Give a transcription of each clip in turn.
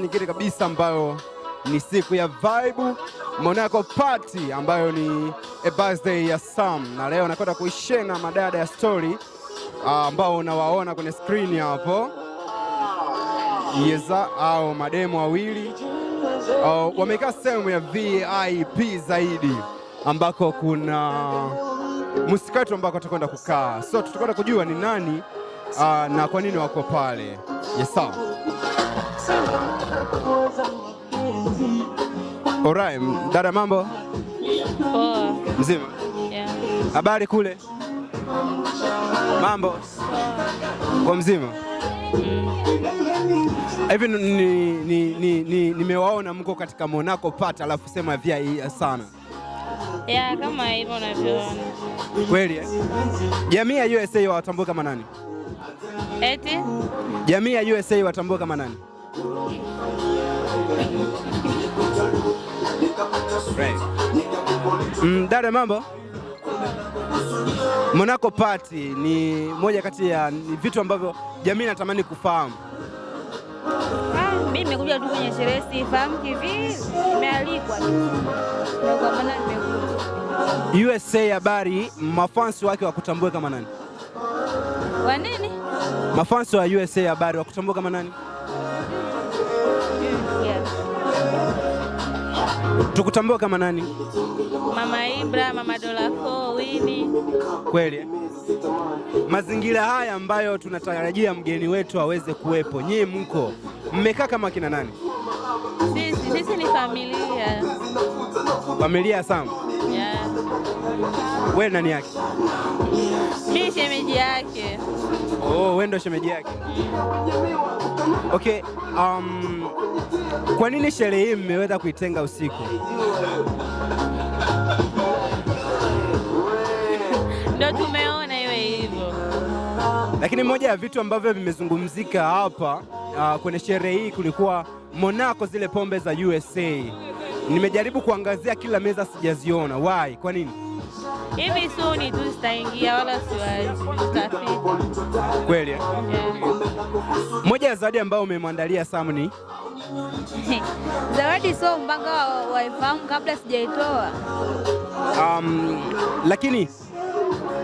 nyingine kabisa ambayo ni siku ya Vibe Monaco Party ambayo ni a birthday ya Sam, na leo nakwenda kuishena madada ya story ah, ambao unawaona kwenye skrini hapo yeza au mademu wawili oh, wamekaa sehemu ya VIP zaidi ambako kuna musikatu ambako tutakwenda kukaa, so tutakwenda kujua ni nani ah, na kwa nini wako pale. yesa, Alright, dada mambo? Poa. Mzima? Yeah. Habari kule? Mambo? Kwa mzima? Hivi ni nimewaona mko katika Monaco part alafu sema vya sana. Yeah, kama hivyo unavyoona. Kweli eh? Jamii ya USA watambua kama nani? Eti? Jamii ya USA watambua kama nani? Mm, dada mambo. Monaco Party ni moja kati ya vitu ambavyo jamii inatamani kufahamu. Ah, Mimi nimekuja tu kwenye sherehe, sifahamu kivi, nimealikwa kwa maana nimekuja. USA habari, mafansi wake wakutambue kama nani? Wa nini? Mafansi wa USA habari wakutambue kama nani? Tukutambua kama nani? Mama Ibra, Mama Dolafo, Wini. Kweli. Mazingira haya ambayo tunatarajia mgeni wetu aweze kuwepo, nyie mko mmekaa kama kina nani? Sisi, sisi ni familia. Familia sana. Yeah. Wewe nani yake? Mi shemeji yake. Oh, wewe ndo shemeji yake. Okay, um, kwa nini sherehe hii mmeweza kuitenga usiku? Ndo tumeona iwe hivyo. Lakini moja ya vitu ambavyo vimezungumzika hapa uh, kwenye sherehe hii kulikuwa Monaco, zile pombe za USA. Nimejaribu kuangazia kila meza sijaziona. Why? Kwa nini? hivi suni tu zitaingia, wala siwai kweli. Eh? Moja ya zawadi ambayo umemwandalia samu ni zawadi, sio mpaka waifahamu kabla sijaitoa. Um, lakini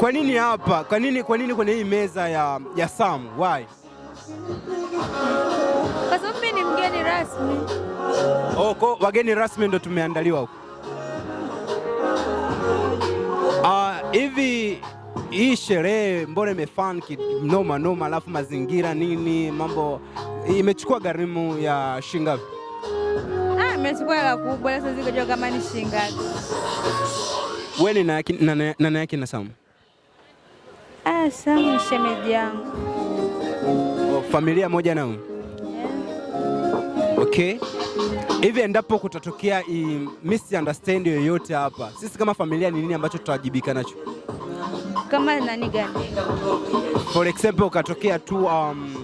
kwa nini hapa? Kwa nini, kwa nini kwenye hii meza ya, ya Sam why? Kwa sababu mimi ni mgeni rasmi. Oh, wageni rasmi ndo tumeandaliwa huko hivi hii sherehe mbona imefan kinoma noma, alafu mazingira nini, mambo imechukua gharimu ya shingapi? Ah, imechukua hela kubwa, sasa sikujua kama ni shingapi. Wewe ni nani yake na Samu? Ah, Samu ni shemeji yangu. Oh, familia moja nao? Yeah. Okay hivi endapo kutatokea misunderstanding yoyote hapa, sisi kama familia ni nini ambacho tutawajibika nacho? Kama nani gani? For example katokea tu um,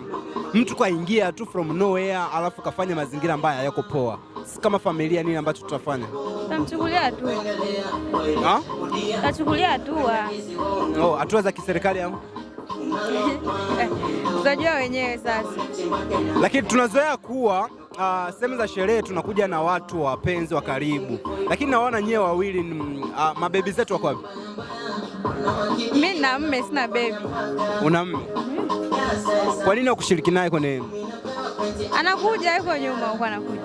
mtu kaingia tu from nowhere alafu kafanya mazingira ambayo hayako poa, sisi kama familia nini ambacho tutafanya? Tamchukulia tu. Ha? Tachukulia hatua. Oh, hatua za kiserikali au tunajua wenyewe sasa, lakini tunazoea kuwa uh, sehemu za sherehe tunakuja na watu wapenzi wa karibu, lakini naona nyewe wawili uh, mabebi zetu wako wapi? Mimi na mme, sina bebi. Una mme? Kwa nini ukushiriki naye kwenye anakuja yuko nyuma huko anakuja.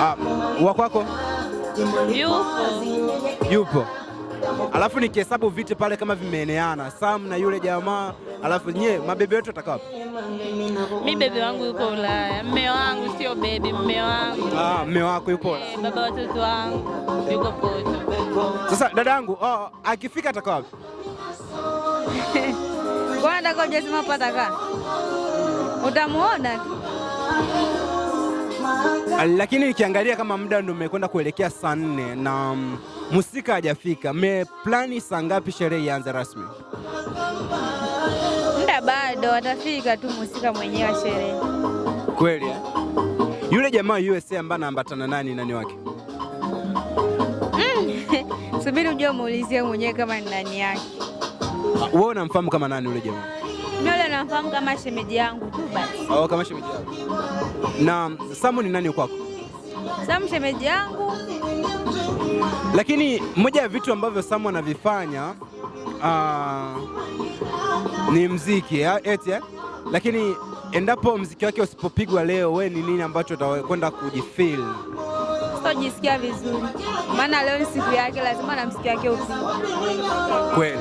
Ah, wakwako yupo yupo alafu nikihesabu viti pale kama vimeeneana Sam na yule jamaa, alafu nye mabebe wetu wataka wapi? Mi bebe wangu yuko Ulaya, mme wangu sio bebe, mme wangu. Ah, mme wako yupo e, baba watoto wangu yuko Poto. Sasa dada yangu oh, akifika atakaa wapi? Anatakajasimapo utamuona lakini ikiangalia kama muda ndio umekwenda kuelekea saa nne na mm, Musika hajafika. Mmeplani saa ngapi sherehe ianze rasmi? Muda bado, atafika tu Musika mwenyewe sherehe. Kweli eh? Yule jamaa USA ambaye anaambatana nani nani wake? Mm. Subiri ujue muulizie mwenyewe kama ni nani yake. Ah, wewe unamfahamu kama nani yule jamaa? Mimi yule namfahamu kama shemeji yangu tu basi. Oh, kama shemeji yangu. Na Samu ni nani kwako? Samu shemeji yangu. Lakini moja ya vitu ambavyo Samu anavifanya uh, ni mziki eti eh? Lakini endapo mziki wake usipopigwa leo, we ni nini ambacho utakwenda kujifeel? Sitojisikia vizuri, maana leo ni siku yake, lazima na mziki wake upigwe. Kweli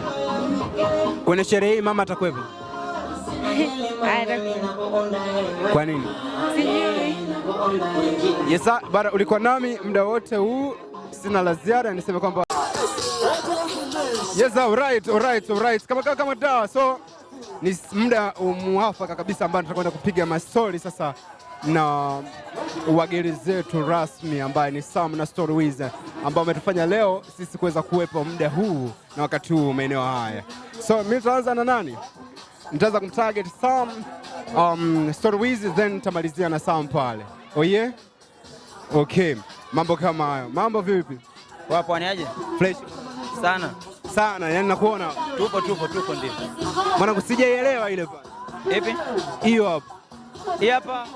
kwenye sherehe hii mama atakwepo? Kwa nini? Sijui. Yesa bara, ulikuwa nami muda wote huu. Sina la ziada, niseme kwamba yes, alright, alright, alright. Kama, kama, kama dawa so ni muda muafaka kabisa ambao tutakwenda kupiga mastori sasa na wageni zetu rasmi ambaye ni Sam na Story Wiz ambao wametufanya leo sisi kuweza kuwepo muda huu na wakati huu maeneo haya. So mimi nitaanza na nani? Nitaanza kumtarget Sam, um, Story Wiz then nitamalizia na Sam pale. Oye? Oh yeah? Okay mambo kama hayo. Mambo vipi? Wapo anaje? Fresh sana sana, yani nakuona tupo tupo tupo, ndio maana kusijaelewa ile pale. Ipi hiyo hapo? Hii hapa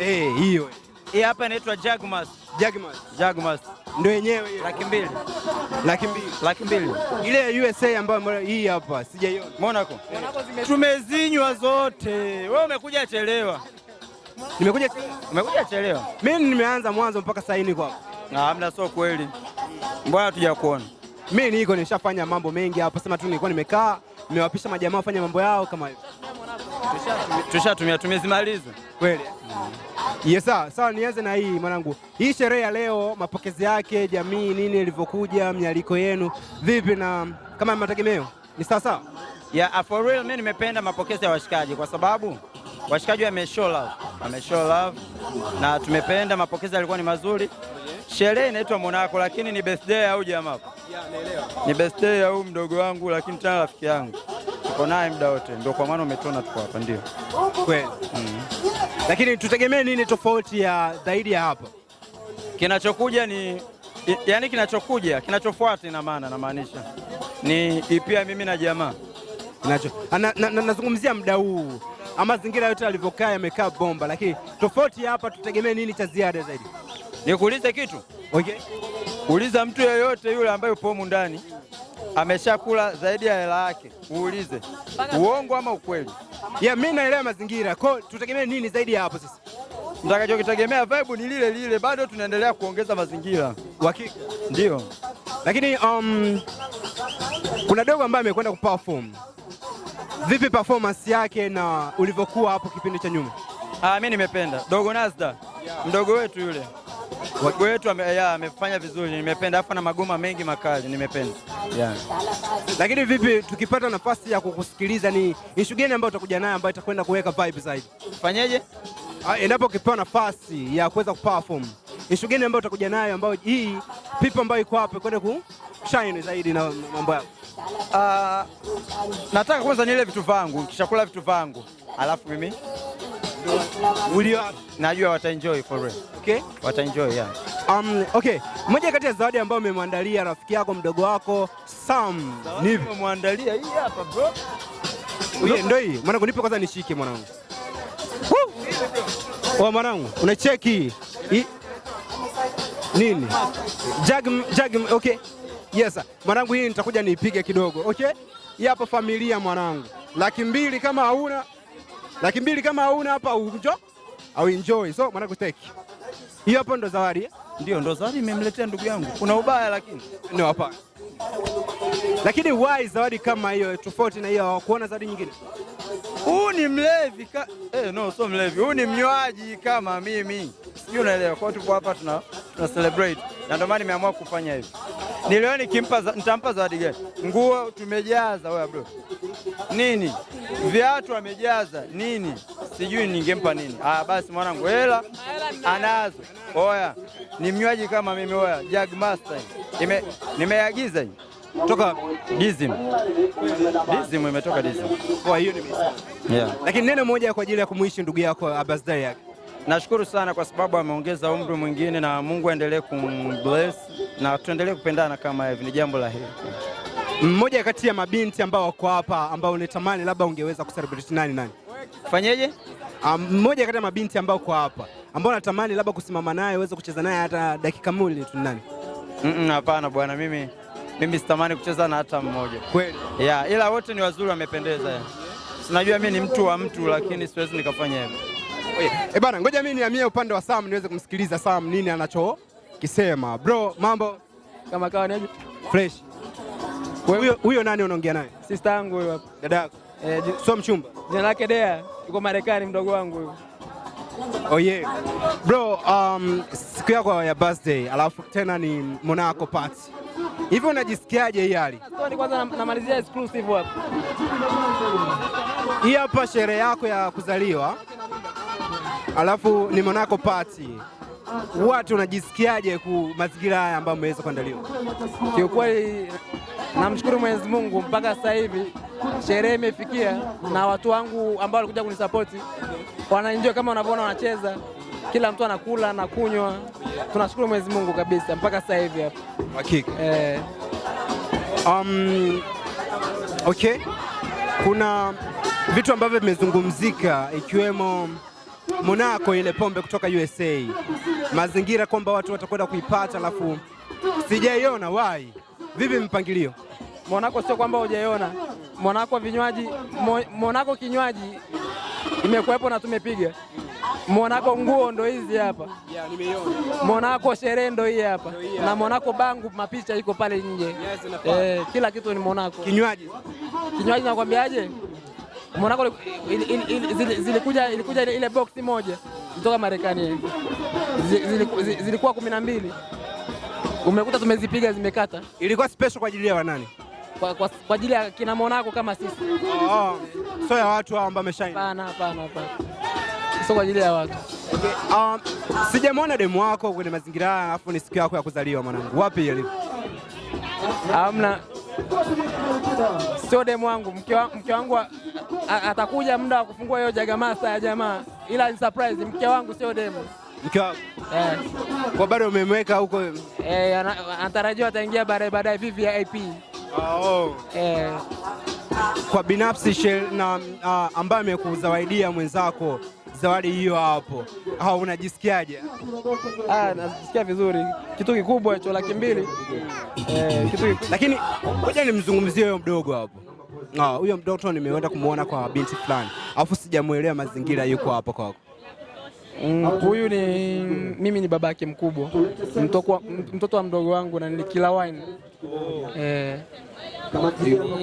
eh, hiyo hii hapa inaitwa Jagmas. Jagmas. Jagmas ndio yenyewe hiyo. Laki mbili. Laki mbili. Laki mbili. Ile ya USA ambayo hii hapa sijaiona. Monaco. Monaco eh. zimetumezinywa zote. Wewe umekuja chelewa. Nimekuja nimekuja chelewa. Mimi nimeanza mwanzo mpaka sasa hivi hapa. Na amna sio kweli. Mbona hatujakuona? Mimi niko nishafanya mambo mengi hapa, sema tu nilikuwa nimekaa, nimewapisha majamaa wafanye mambo yao kama hivyo. Tushatumia tumezimaliza. Kweli. Mm. Yes, sawa, nianze na hii mwanangu. Hii sherehe ya leo, mapokezi yake, jamii nini ilivyokuja, mialiko yenu vipi, na kama mategemeo ni sawa sawa? Yeah, for real mimi nimependa mapokezi ya washikaji kwa sababu washikaji show love, show love na tumependa, mapokezi yalikuwa ni mazuri. Sherehe inaitwa Monaco, lakini ni birthday au jamaa, ni birthday au mdogo wangu, lakini tena rafiki yangu tuko naye muda wote, ndio kwa maana umetona tuko hapa, ndio kweli mm. Lakini tutegemee nini tofauti ya zaidi ya hapa? Kinachokuja ni yaani, kinachokuja kinachofuata, ina maana namaanisha ni ipia mimi na jamaa nazungumzia na, na, na, muda huu mazingira yote yalivyokaa yamekaa bomba, lakini tofauti hapa, tutegemee nini cha ziada zaidi? Nikuulize kitu okay? Uliza mtu yeyote yule ambaye upo humu ndani ameshakula zaidi ya hela yake, uulize uongo ama ukweli. Yeah, mimi naelewa mazingira, ko tutegemee nini zaidi ya hapo sasa? Mtakachokitegemea vibe ni lile lile, bado tunaendelea kuongeza mazingira. Hakika ndio, lakini um, kuna dogo ambaye amekwenda kuperform Vipi performance yake na ulivyokuwa hapo kipindi cha nyuma? Ah, mimi nimependa dogo Nazda, mdogo wetu yule mdogo wetu amefanya vizuri, nimependa. Alafu na magoma mengi makali, nimependa yeah. Lakini vipi, tukipata nafasi ya kukusikiliza, ni ishu gani ambayo utakuja nayo ambayo itakwenda kuweka vibe zaidi? Fanyeje ah, endapo ukipewa nafasi ya kuweza kuperform, ishu gani ambayo utakuja nayo ambayo hii pipo ambayo iko hapa ku shine zaidi na mambo yako? Uh, nataka kwanza nile vitu vangu, kishakula vitu vangu alafu mimi Ulio najua wata enjoy for real. Okay? Wata enjoy, yeah. Um, okay. Moja kati ya zawadi ambayo umemwandalia rafiki yako mdogo wako Sam. Nimemwandalia hii hapa bro. Uye ndio hii. Mwanangu nipe kwanza nishike mwanangu. Oh, mwanangu unacheki. Nini? Jag jag okay. Yes Mwanangu, hii nitakuja niipige kidogo. Okay? Hii hapa familia mwanangu. Laki mbili kama hauna. Laki mbili kama hauna hapa unjo. Au enjoy. So mwanangu take. hiyo hapo ndo zawadi eh? Ndio ndo zawadi nimemletea ndugu yangu. Kuna ubaya lakini. No, hapa, Lakini why zawadi kama hiyo eh, tofauti na hiyo hawakuona zawadi nyingine? Huu ni mlevi ka... Eh, no, so mlevi. Huu ni mnywaji kama mimi. Sijui unaelewa. Kwa tupo hapa tuna tuna celebrate na ndio maana nimeamua kufanya hivi. Niliona nikimpa nitampa zawadi gani? Nguo tumejaza, wewe bro nini, viatu amejaza nini, sijui ningempa nini. Ah, basi mwanangu, hela anazo. Oya, ni mnywaji kama mimi. Oya, Master. ime nimeagiza hii toka dizim dizim, imetoka dizim. Kwa hiyo nimesikia, yeah. Lakini neno moja kwa ajili ya kumuishi ndugu yako Abazdai yake. Nashukuru sana kwa sababu ameongeza umri mwingine, na Mungu aendelee kumbless na tuendelee kupendana kama hivi, ni jambo la heri. Mmoja kati ya mabinti ambao wako hapa ambao unatamani labda ungeweza kucelebrate nani nani? Fanyeje? Ah, mmoja um, kati ya mabinti ambao kwa hapa ambao natamani labda kusimama naye uweze kucheza naye hata dakika moja tu nani? Mm, hapana -mm, bwana, mimi mimi sitamani kucheza na hata mmoja kweli. Yeah, ila wote ni wazuri, wamependeza. Sinajua mimi ni mtu wa mtu, lakini siwezi nikafanya hivyo. Eh, eh, bana, ngoja mimi niamie upande wa Sam niweze kumsikiliza Sam nini anachokisema. Bro, mambo kama kawa ni fresh. Huyo huyo nani unaongea naye? Sister yangu huyo hapa. Dada yako. Eh, sio mchumba. Jina lake Dea, yuko Marekani mdogo wangu huyo. Oh yeah. Bro, um, siku yako ya birthday alafu tena ni Monaco party. Hivi unajisikiaje hii hali? Kwanza namalizia exclusive hapa. Hii hapa sherehe yako ya kuzaliwa Alafu ni Monaco party, watu unajisikiaje ku mazingira haya ambayo mmeweza kuandaliwa? Kiukweli namshukuru Mwenyezi Mungu mpaka sasa hivi sherehe imefikia, na watu wangu ambao walikuja kunisapoti wanaenjoy kama wanavyoona, wanacheza kila mtu anakula na kunywa. Tunashukuru Mwenyezi Mungu kabisa mpaka sasa hivi hapa. Hakika. Eh. Um, okay. Kuna vitu ambavyo vimezungumzika ikiwemo Monaco ile pombe kutoka USA, mazingira kwamba watu watakwenda kuipata, alafu sijaiona wai. Vipi mpangilio? Monaco sio kwamba hujaiona Monaco vinywaji mo, Monaco kinywaji imekuwepo na tumepiga Monaco nguo ndo hizi hapa yeah, nimeiona. Monaco sherehe ndo hii hapa Na Monaco bangu mapicha iko pale nje yes, eh, kila kitu ni Monaco kinywaji kinywaji nakwambiaje Monaco zilikuja ilikuja ile box moja kutoka Marekani, zilikuwa kumi na mbili umekuta tumezipiga zimekata. Ilikuwa special kwa ajili ya wanani? Kwa ajili ya kina Monaco kama sisi. Oh, so ya watu hao ambao wameshaini? Hapana, hapana, hapana, so kwa ajili ya watu. Okay, um, sijamwona demu wako kwenye mazingira haya, alafu ni siku yako ya kuzaliwa mwanangu, wapi elimu? Hamna sio demu wangu, mke wangu atakuja muda wa kufungua hiyo jagamasa ya jamaa, ila ni surprise. Mke wangu sio demu, mke wangu eh. Kwa bado umemweka huko eh? Anatarajiwa ataingia baadaye baadaye IP. Oh, oh. Eh. Kwa binafsi na ah, ambaye amekuzawaidia mwenzako zawadi hiyo hapo, au unajisikiaje? Ah, nasikia vizuri. Kitu kikubwa hicho laki mbili. Eh, kitu lakini ngoja nimzungumzie huyo mdogo hapo ah, huyo mdogo nimeenda kumuona kwa binti fulani, alafu sijamuelewa mazingira, yuko hapo kwako Mm. Huyu ni mimi, ni babake mkubwa, mtoto wa mdogo wangu na Nikila Wine. Oh. Eh,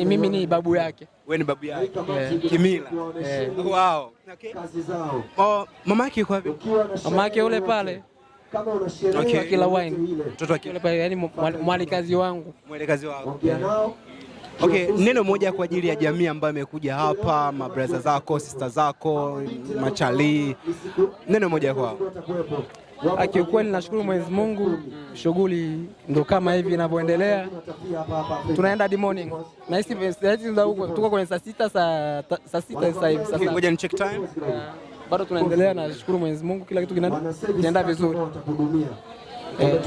mimi ni babu yake. Wewe ni babu yake eh. Kimila eh. Wow. Okay. Oh, mama yake yuko wapi? Mama yake yule pale Kama Kila Wine, mtoto wake yule pale, yani mwalikazi wangu, mwelekazi wangu. Okay, neno moja kwa ajili ya jamii ambayo imekuja hapa, mabraza zako, sista zako, machalii, neno moja kwao. Kiukweli nashukuru Mwenyezi Mungu, shughuli ndo kama hivi inavyoendelea, tunaenda hadi morning. Na hisi tuko kwenye saa sita, saa sita sasa hivi. Sasa ngoja ni check time. Bado tunaendelea, nashukuru Mwenyezi Mungu, kila kitu kinaenda vizuri. Eh,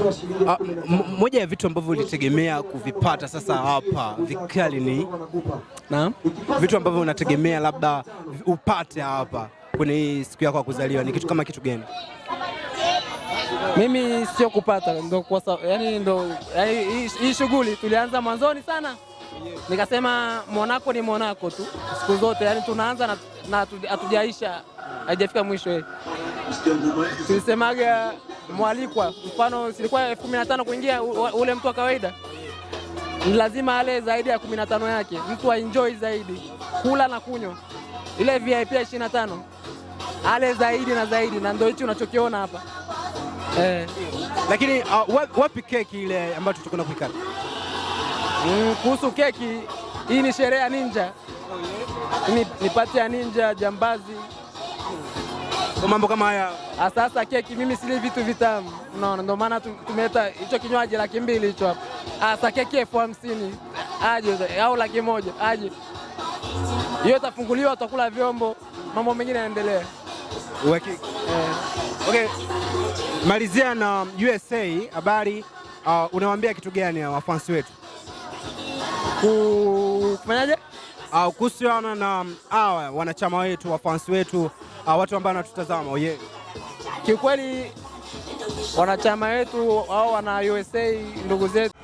ah, moja ya vitu ambavyo ulitegemea kuvipata sasa hapa vikali ni na vitu ambavyo unategemea labda upate hapa kwenye siku yako ya kuzaliwa ni kitu kama kitu gani? Mimi sio kupata ndo kwa yani, ndo eh, hii shughuli tulianza mwanzoni sana, nikasema Monaco ni Monaco tu siku zote, yani tunaanza na hatujaisha haijafika mwisho. Tulisemaga mwalikwa, mfano silikuwa elfu kumi na tano kuingia, ule mtu wa kawaida ni lazima ale zaidi ya kumi na tano yake, mtu aenjoy zaidi kula na kunywa. Ile VIP ya ishirini na tano ale zaidi na zaidi, na ndio hichi unachokiona hapa eh. Lakini uh, wapi keki ile ambayo tutakwenda kuikata? Mm, kuhusu keki hii, ni sherehe ya Ninja, ni, ni pati ya Ninja jambazi kwa mambo kama haya. Sasa keki, mimi sili vitu vitamu, unaona, ndio maana tumeleta hicho kinywaji laki mbili hicho hapa. Sasa keki elfu hamsini aje au laki moja aje, hiyo itafunguliwa, utakula vyombo, mambo mengine yanaendelea. Eh. Okay, malizia na USA habari. Uh, unawaambia kitu gani uh, wafansi wetu kufanyaje, uh, kuhusiana na um, hawa wanachama wetu wafansi wetu Ah, watu ambao wanatutazama oye Kiukweli wanachama wetu au wana USA ndugu zetu